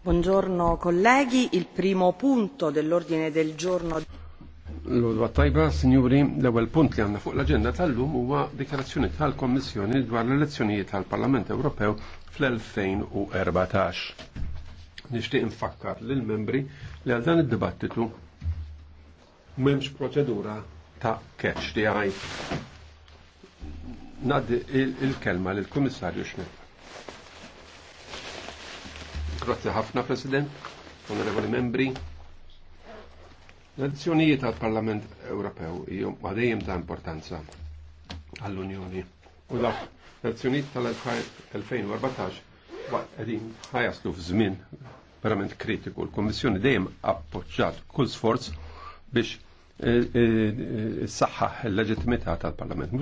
Buongiorno colleghi, il primo punto dell'ordine del giorno. L-għodwa tajba, signori, l-ewel punt li għanna fuq l-agenda tal-lum huwa dikarazzjoni tal-Kommissjoni dwar l-elezzjonijiet tal-Parlament Ewropew fl-2014. Nixtieq infakkar lil membri li għal dan id-dibattitu m'hemmx proċedura ta' catch the eye. Naddi il-kelma lill-Kummissarju Schmidt. Grazzi ħafna, President, onorevoli membri. L-edizzjonijiet għal parlament Ewropew għadejjem ta' importanza għall-Unjoni. U da l-edizzjonijiet tal-2014 għedin ħajaslu f'żmien verament kritiku. L-Kommissjoni dejjem appoġġat kull sforz biex s eh, eh, eh, saxħa l-leġitimità tal-Parlament.